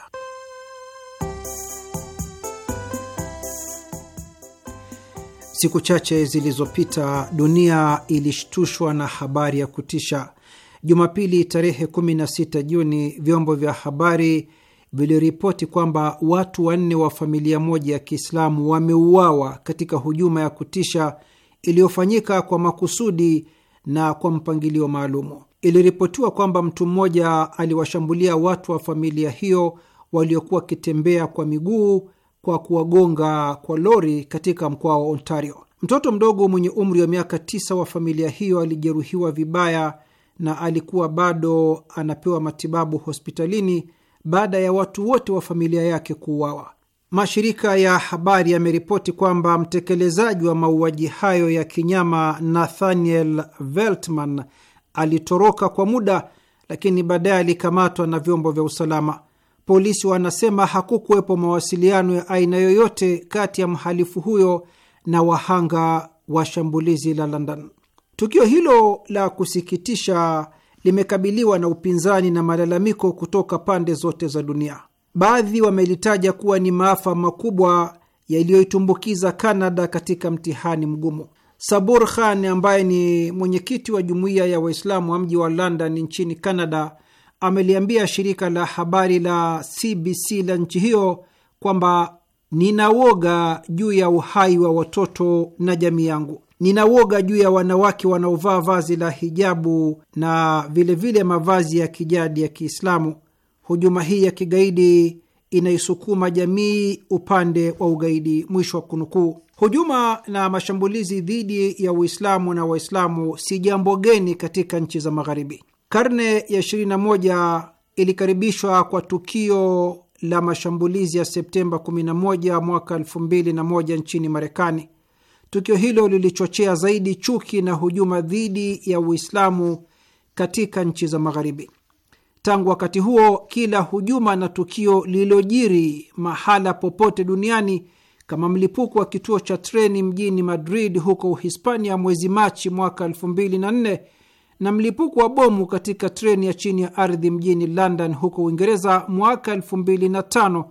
Siku chache zilizopita dunia ilishtushwa na habari ya kutisha Jumapili tarehe 16 Juni, vyombo vya habari viliripoti kwamba watu wanne wa familia moja ya Kiislamu wameuawa katika hujuma ya kutisha iliyofanyika kwa makusudi na kwa mpangilio maalumu. Iliripotiwa kwamba mtu mmoja aliwashambulia watu wa familia hiyo waliokuwa wakitembea kwa miguu kwa kuwagonga kwa lori katika mkoa wa Ontario. Mtoto mdogo mwenye umri wa miaka tisa wa familia hiyo alijeruhiwa vibaya na alikuwa bado anapewa matibabu hospitalini baada ya watu wote wa familia yake kuuawa. Mashirika ya habari yameripoti kwamba mtekelezaji wa mauaji hayo ya kinyama Nathaniel Veltman alitoroka kwa muda, lakini baadaye alikamatwa na vyombo vya usalama. Polisi wanasema hakukuwepo mawasiliano ya aina yoyote kati ya mhalifu huyo na wahanga wa shambulizi la London. Tukio hilo la kusikitisha limekabiliwa na upinzani na malalamiko kutoka pande zote za dunia. Baadhi wamelitaja kuwa ni maafa makubwa yaliyoitumbukiza Kanada katika mtihani mgumu. Sabur Khan ambaye ni mwenyekiti wa jumuiya ya Waislamu wa mji wa London nchini Kanada ameliambia shirika la habari la CBC la nchi hiyo kwamba ninawoga juu ya uhai wa watoto na jamii yangu woga juu ya wanawake wanaovaa vazi la hijabu na vilevile vile mavazi ya kijadi ya Kiislamu. Hujuma hii ya kigaidi inaisukuma jamii upande wa ugaidi. Mwisho wa kunukuu. Hujuma na mashambulizi dhidi ya Uislamu na Waislamu si jambo geni katika nchi za Magharibi. Karne ya 21 ilikaribishwa kwa tukio la mashambulizi ya Septemba 11 mwaka 2001 nchini Marekani. Tukio hilo lilichochea zaidi chuki na hujuma dhidi ya Uislamu katika nchi za Magharibi. Tangu wakati huo, kila hujuma na tukio lililojiri mahala popote duniani kama mlipuko wa kituo cha treni mjini Madrid huko Uhispania mwezi Machi mwaka 2004 na mlipuko wa bomu katika treni ya chini ya ardhi mjini London huko Uingereza mwaka 2005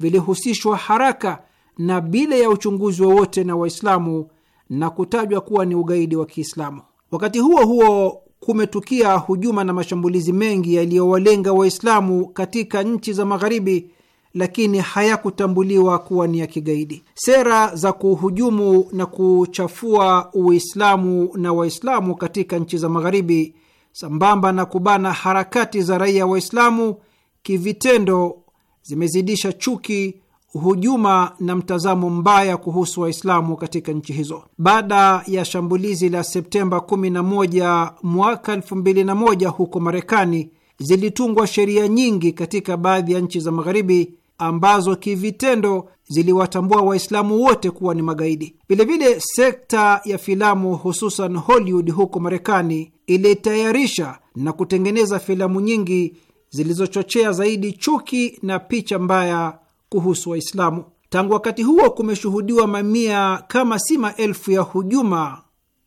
vilihusishwa haraka na bila ya uchunguzi wowote na Waislamu na kutajwa kuwa ni ugaidi wa Kiislamu. Wakati huo huo, kumetukia hujuma na mashambulizi mengi yaliyowalenga Waislamu katika nchi za Magharibi, lakini hayakutambuliwa kuwa ni ya kigaidi. Sera za kuhujumu na kuchafua Uislamu na Waislamu katika nchi za Magharibi, sambamba na kubana harakati za raia Waislamu kivitendo, zimezidisha chuki hujuma na mtazamo mbaya kuhusu Waislamu katika nchi hizo. Baada ya shambulizi la Septemba 11 mwaka 2001 huko Marekani, zilitungwa sheria nyingi katika baadhi ya nchi za Magharibi ambazo kivitendo ziliwatambua Waislamu wote kuwa ni magaidi. Vilevile, sekta ya filamu hususan Hollywood huko Marekani ilitayarisha na kutengeneza filamu nyingi zilizochochea zaidi chuki na picha mbaya kuhusu Waislamu. Tangu wakati huo kumeshuhudiwa mamia kama si maelfu ya hujuma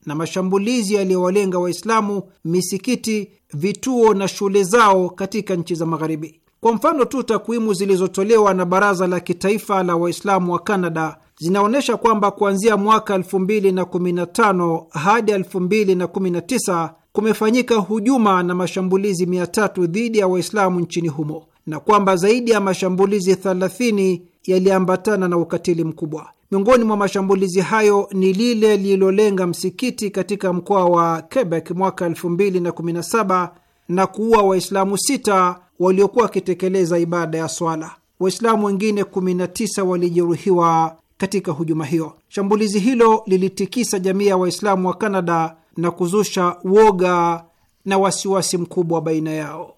na mashambulizi yaliyowalenga Waislamu, misikiti, vituo na shule zao katika nchi za Magharibi. Kwa mfano tu, takwimu zilizotolewa na Baraza la Kitaifa la Waislamu wa Kanada zinaonyesha kwamba kuanzia mwaka 2015 hadi 2019 kumefanyika hujuma na mashambulizi 300 dhidi ya Waislamu nchini humo na kwamba zaidi ya mashambulizi 30 yaliambatana na ukatili mkubwa. Miongoni mwa mashambulizi hayo ni lile lililolenga msikiti katika mkoa wa Quebec mwaka 2017 na kuua Waislamu sita waliokuwa wakitekeleza ibada ya swala. Waislamu wengine 19 walijeruhiwa katika hujuma hiyo. Shambulizi hilo lilitikisa jamii ya Waislamu wa Kanada na kuzusha woga na wasiwasi mkubwa baina yao.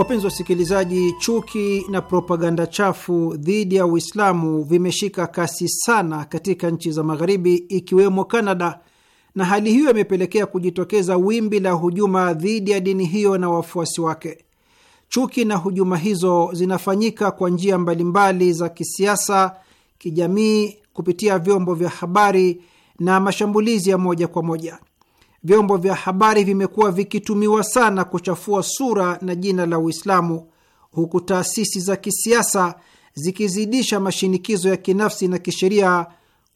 Wapenzi wasikilizaji, chuki na propaganda chafu dhidi ya Uislamu vimeshika kasi sana katika nchi za Magharibi, ikiwemo Kanada, na hali hiyo imepelekea kujitokeza wimbi la hujuma dhidi ya dini hiyo na wafuasi wake. Chuki na hujuma hizo zinafanyika kwa njia mbalimbali za kisiasa, kijamii, kupitia vyombo vya habari na mashambulizi ya moja kwa moja vyombo vya habari vimekuwa vikitumiwa sana kuchafua sura na jina la Uislamu, huku taasisi za kisiasa zikizidisha mashinikizo ya kinafsi na kisheria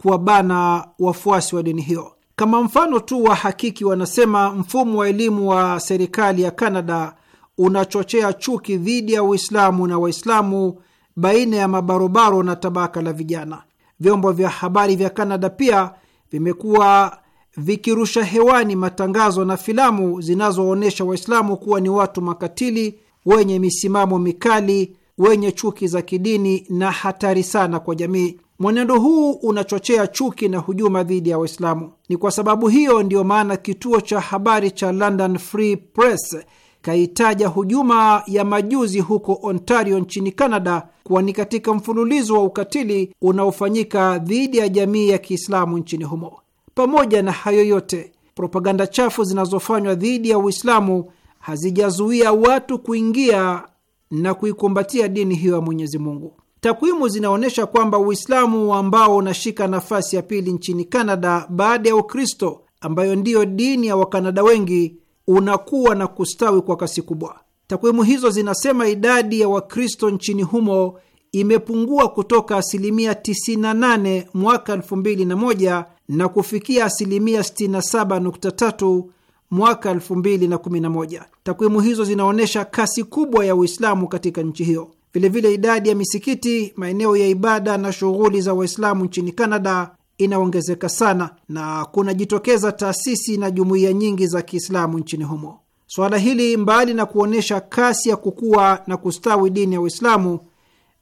kuwabana wafuasi wa dini hiyo. Kama mfano tu wa hakiki, wanasema mfumo wa elimu wa serikali ya Kanada unachochea chuki dhidi ya Uislamu na Waislamu baina ya mabarobaro na tabaka la vijana. Vyombo vya habari vya Kanada pia vimekuwa vikirusha hewani matangazo na filamu zinazoonyesha Waislamu kuwa ni watu makatili, wenye misimamo mikali, wenye chuki za kidini na hatari sana kwa jamii. Mwenendo huu unachochea chuki na hujuma dhidi ya Waislamu. Ni kwa sababu hiyo ndiyo maana kituo cha habari cha London Free Press kaitaja hujuma ya majuzi huko Ontario nchini Canada kuwa ni katika mfululizo wa ukatili unaofanyika dhidi ya jamii ya Kiislamu nchini humo. Pamoja na hayo yote, propaganda chafu zinazofanywa dhidi ya Uislamu hazijazuia watu kuingia na kuikumbatia dini hiyo ya Mwenyezi Mungu. Takwimu zinaonyesha kwamba Uislamu ambao unashika nafasi ya pili nchini Kanada baada ya Ukristo, ambayo ndiyo dini ya Wakanada wengi, unakuwa na kustawi kwa kasi kubwa. Takwimu hizo zinasema idadi ya Wakristo nchini humo imepungua kutoka asilimia 98 mwaka 2001 na kufikia asilimia 67.3 mwaka 2011. Takwimu hizo zinaonyesha kasi kubwa ya Uislamu katika nchi hiyo. Vilevile, idadi ya misikiti, maeneo ya ibada na shughuli za Waislamu nchini Kanada inaongezeka sana na kunajitokeza taasisi na jumuiya nyingi za Kiislamu nchini humo. Suala hili mbali na kuonyesha kasi ya kukua na kustawi dini ya Uislamu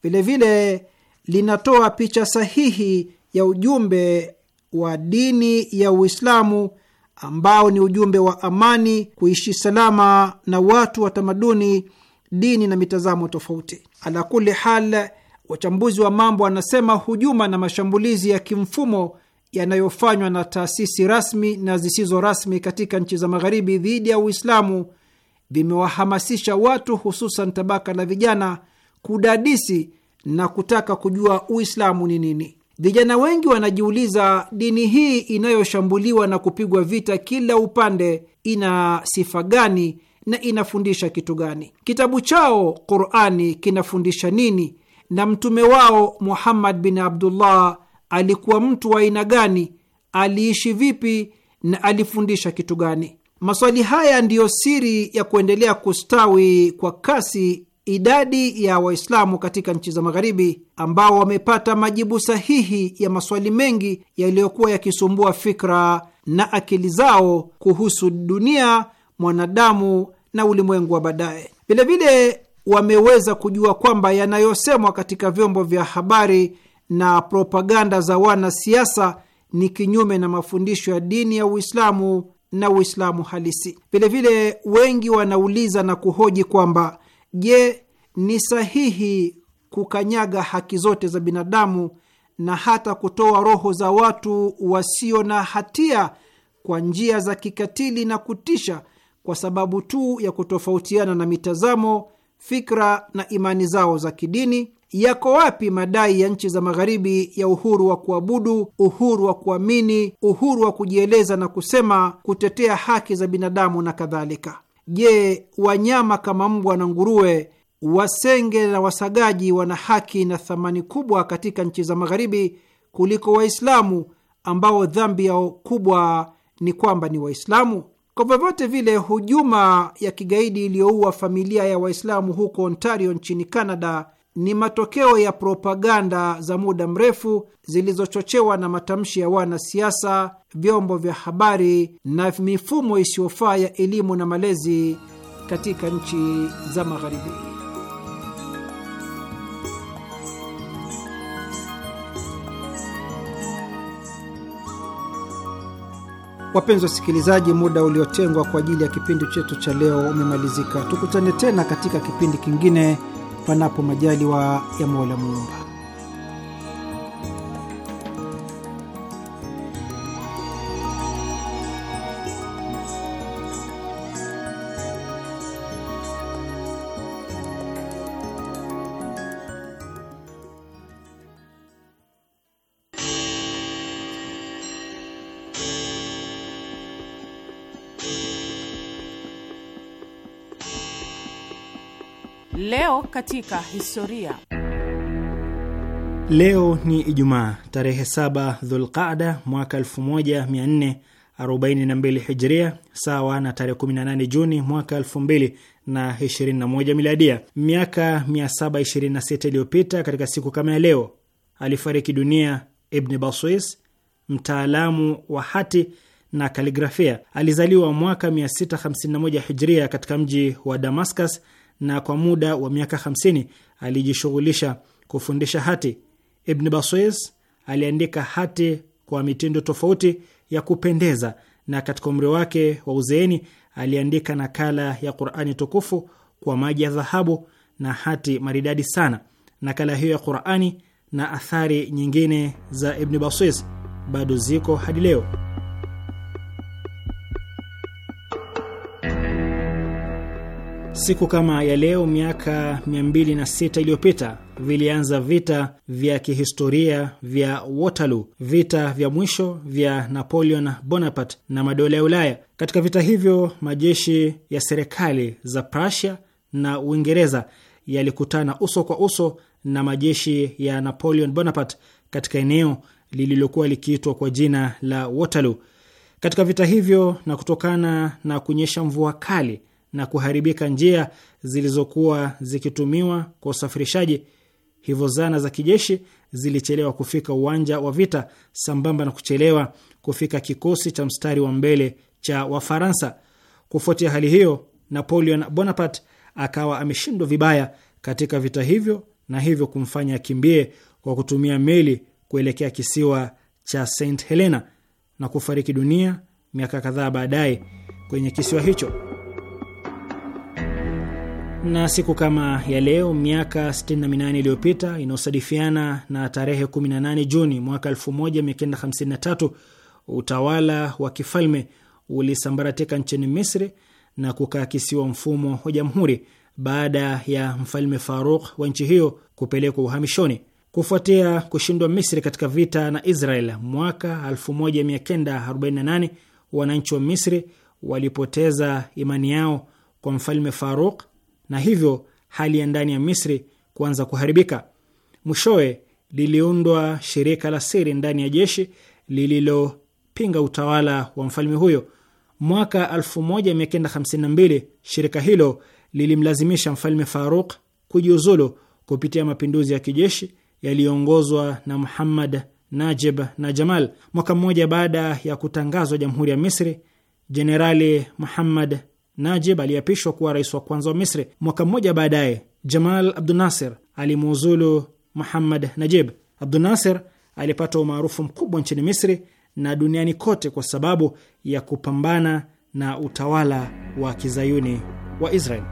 Vilevile linatoa picha sahihi ya ujumbe wa dini ya Uislamu ambao ni ujumbe wa amani, kuishi salama na watu wa tamaduni, dini na mitazamo tofauti. Ala kuli hal, wachambuzi wa mambo wanasema hujuma na mashambulizi ya kimfumo yanayofanywa na taasisi rasmi na zisizo rasmi katika nchi za Magharibi dhidi ya Uislamu vimewahamasisha watu, hususan tabaka la vijana kudadisi na kutaka kujua Uislamu ni nini. Vijana wengi wanajiuliza dini hii inayoshambuliwa na kupigwa vita kila upande ina sifa gani na inafundisha kitu gani? Kitabu chao Qurani kinafundisha nini? Na mtume wao Muhammad bin Abdullah alikuwa mtu wa aina gani? Aliishi vipi na alifundisha kitu gani? Maswali haya ndiyo siri ya kuendelea kustawi kwa kasi idadi ya Waislamu katika nchi za Magharibi ambao wamepata majibu sahihi ya maswali mengi yaliyokuwa yakisumbua fikra na akili zao kuhusu dunia, mwanadamu na ulimwengu wa baadaye. Vilevile wameweza kujua kwamba yanayosemwa katika vyombo vya habari na propaganda za wanasiasa ni kinyume na mafundisho ya dini ya Uislamu na Uislamu halisi. Vilevile wengi wanauliza na kuhoji kwamba Je, ni sahihi kukanyaga haki zote za binadamu na hata kutoa roho za watu wasio na hatia kwa njia za kikatili na kutisha kwa sababu tu ya kutofautiana na mitazamo, fikra na imani zao za kidini? Yako wapi madai ya nchi za Magharibi ya uhuru wa kuabudu, uhuru wa kuamini, uhuru wa kujieleza na kusema, kutetea haki za binadamu na kadhalika? Je, wanyama kama mbwa na nguruwe, wasenge na wasagaji wana haki na thamani kubwa katika nchi za magharibi kuliko Waislamu ambao dhambi yao kubwa ni kwamba ni Waislamu. Kwa vyovyote vile, hujuma ya kigaidi iliyoua familia ya Waislamu huko Ontario nchini Canada ni matokeo ya propaganda za muda mrefu zilizochochewa na matamshi ya wanasiasa, vyombo vya habari na mifumo isiyofaa ya elimu na malezi katika nchi za Magharibi. Wapenzi wasikilizaji, muda uliotengwa kwa ajili ya kipindi chetu cha leo umemalizika. Tukutane tena katika kipindi kingine panapo majaliwa ya Mola Muumba. Leo katika historia. Leo ni Ijumaa tarehe 7 Dhulqada mwaka 1442 Hijria, sawa na tarehe 18 Juni mwaka 2021 Miladia. Miaka 726 iliyopita katika siku kama ya leo alifariki dunia Ibni Baswis, mtaalamu wa hati na kaligrafia. Alizaliwa mwaka 651 Hijria katika mji wa Damascus na kwa muda wa miaka 50 alijishughulisha kufundisha hati. Ibn Baswes aliandika hati kwa mitindo tofauti ya kupendeza, na katika umri wake wa uzeeni aliandika nakala ya Qur'ani tukufu kwa maji ya dhahabu na hati maridadi sana. Nakala hiyo ya Qur'ani na athari nyingine za Ibn Baswes bado ziko hadi leo. Siku kama ya leo miaka 206 iliyopita vilianza vita vya kihistoria vya Waterloo, vita vya mwisho vya Napoleon Bonaparte na madola ya Ulaya. Katika vita hivyo majeshi ya serikali za Prussia na Uingereza yalikutana uso kwa uso na majeshi ya Napoleon Bonaparte katika eneo lililokuwa likiitwa kwa jina la Waterloo. Katika vita hivyo na kutokana na kunyesha mvua kali na kuharibika njia zilizokuwa zikitumiwa kwa usafirishaji, hivyo zana za kijeshi zilichelewa kufika uwanja wa vita, sambamba na kuchelewa kufika kikosi cha mstari wa mbele cha Wafaransa. Kufuatia hali hiyo, Napoleon Bonaparte akawa ameshindwa vibaya katika vita hivyo na hivyo kumfanya akimbie kwa kutumia meli kuelekea kisiwa cha St Helena na kufariki dunia miaka kadhaa baadaye kwenye kisiwa hicho na siku kama ya leo miaka 68 iliyopita inayosadifiana na tarehe 18 Juni mwaka 1953 utawala wa kifalme ulisambaratika nchini Misri na kukaakisiwa mfumo wa jamhuri baada ya mfalme Faruk wa nchi hiyo kupelekwa uhamishoni kufuatia kushindwa Misri katika vita na Israel mwaka 1948. Wananchi wa Misri walipoteza imani yao kwa mfalme Faruk na hivyo hali ya ndani ya Misri kuanza kuharibika. Mwishowe liliundwa shirika la siri ndani ya jeshi lililopinga utawala wa mfalme huyo. Mwaka 1952 shirika hilo lilimlazimisha mfalme Faruk kujiuzulu kupitia mapinduzi ya kijeshi yaliyoongozwa na Muhammad Najib na Jamal. Mwaka mmoja baada ya kutangazwa jamhuri ya Misri, Jenerali Muhammad Najib aliapishwa kuwa rais wa kwanza wa Misri. Mwaka mmoja baadaye, Jamal Abdunasir alimuuzulu Muhammad Najib. Abdunasir alipata umaarufu mkubwa nchini Misri na duniani kote kwa sababu ya kupambana na utawala wa kizayuni wa Israel.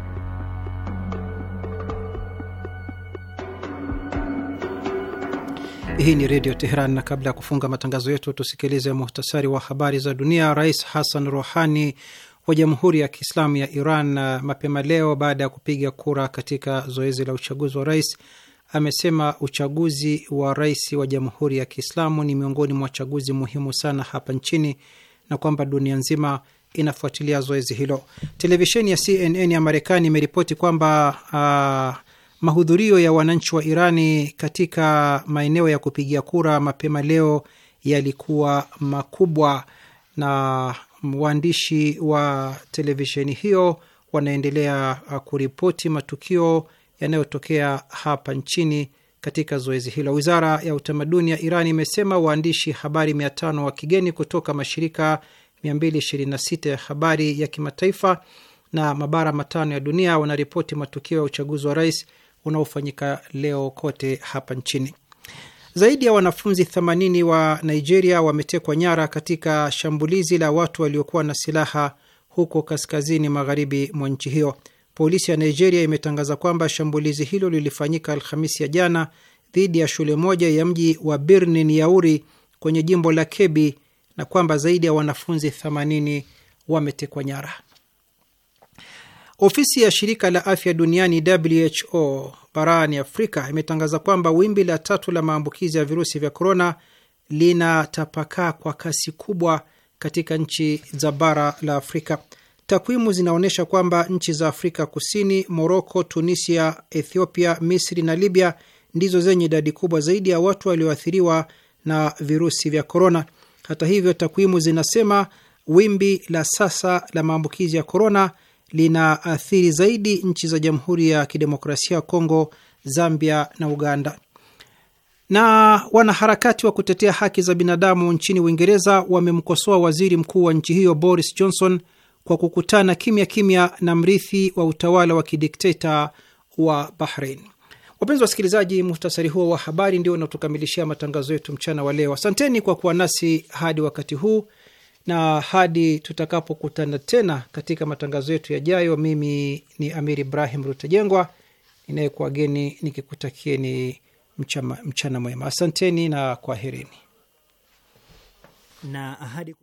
Hii ni Redio Teheran, na kabla ya kufunga matangazo yetu tusikilize muhtasari wa habari za dunia. Rais Hassan Rohani wa Jamhuri ya Kiislamu ya Iran mapema leo baada ya kupiga kura katika zoezi la uchaguzi wa rais amesema uchaguzi wa rais wa Jamhuri ya Kiislamu ni miongoni mwa chaguzi muhimu sana hapa nchini na kwamba dunia nzima inafuatilia zoezi hilo. Televisheni ya CNN ya Marekani imeripoti kwamba uh, mahudhurio ya wananchi wa Irani katika maeneo ya kupigia kura mapema leo yalikuwa makubwa na waandishi wa televisheni hiyo wanaendelea uh, kuripoti matukio yanayotokea hapa nchini katika zoezi hilo. Wizara ya utamaduni ya Iran imesema waandishi habari 500 wa kigeni kutoka mashirika 226 ya habari ya kimataifa na mabara matano ya dunia wanaripoti matukio ya uchaguzi wa rais unaofanyika leo kote hapa nchini. Zaidi ya wanafunzi 80 wa Nigeria wametekwa nyara katika shambulizi la watu waliokuwa na silaha huko kaskazini magharibi mwa nchi hiyo. Polisi ya Nigeria imetangaza kwamba shambulizi hilo lilifanyika Alhamisi ya jana dhidi ya shule moja ya mji wa Birnin Yauri kwenye jimbo la kebi na kwamba zaidi ya wanafunzi 80 wametekwa nyara. Ofisi ya shirika la afya duniani WHO barani Afrika imetangaza kwamba wimbi la tatu la maambukizi ya virusi vya korona linatapakaa kwa kasi kubwa katika nchi za bara la Afrika. Takwimu zinaonyesha kwamba nchi za Afrika Kusini, Moroko, Tunisia, Ethiopia, Misri na Libya ndizo zenye idadi kubwa zaidi ya watu walioathiriwa na virusi vya korona. Hata hivyo, takwimu zinasema wimbi la sasa la maambukizi ya korona linaathiri zaidi nchi za Jamhuri ya Kidemokrasia ya Kongo, Zambia na Uganda. Na wanaharakati wa kutetea haki za binadamu nchini Uingereza wamemkosoa waziri mkuu wa nchi hiyo Boris Johnson kwa kukutana kimya kimya na mrithi wa utawala wa kidikteta wa Bahrain. Wapenzi wasikilizaji, muhtasari huo wa habari ndio unatukamilishia matangazo yetu mchana wa leo. Asanteni kwa kuwa nasi hadi wakati huu na hadi tutakapokutana tena katika matangazo yetu yajayo, mimi ni Amir Ibrahim Rutajengwa geni nikikutakieni mchana, mchana mwema. Asanteni na kwaherini na ahadi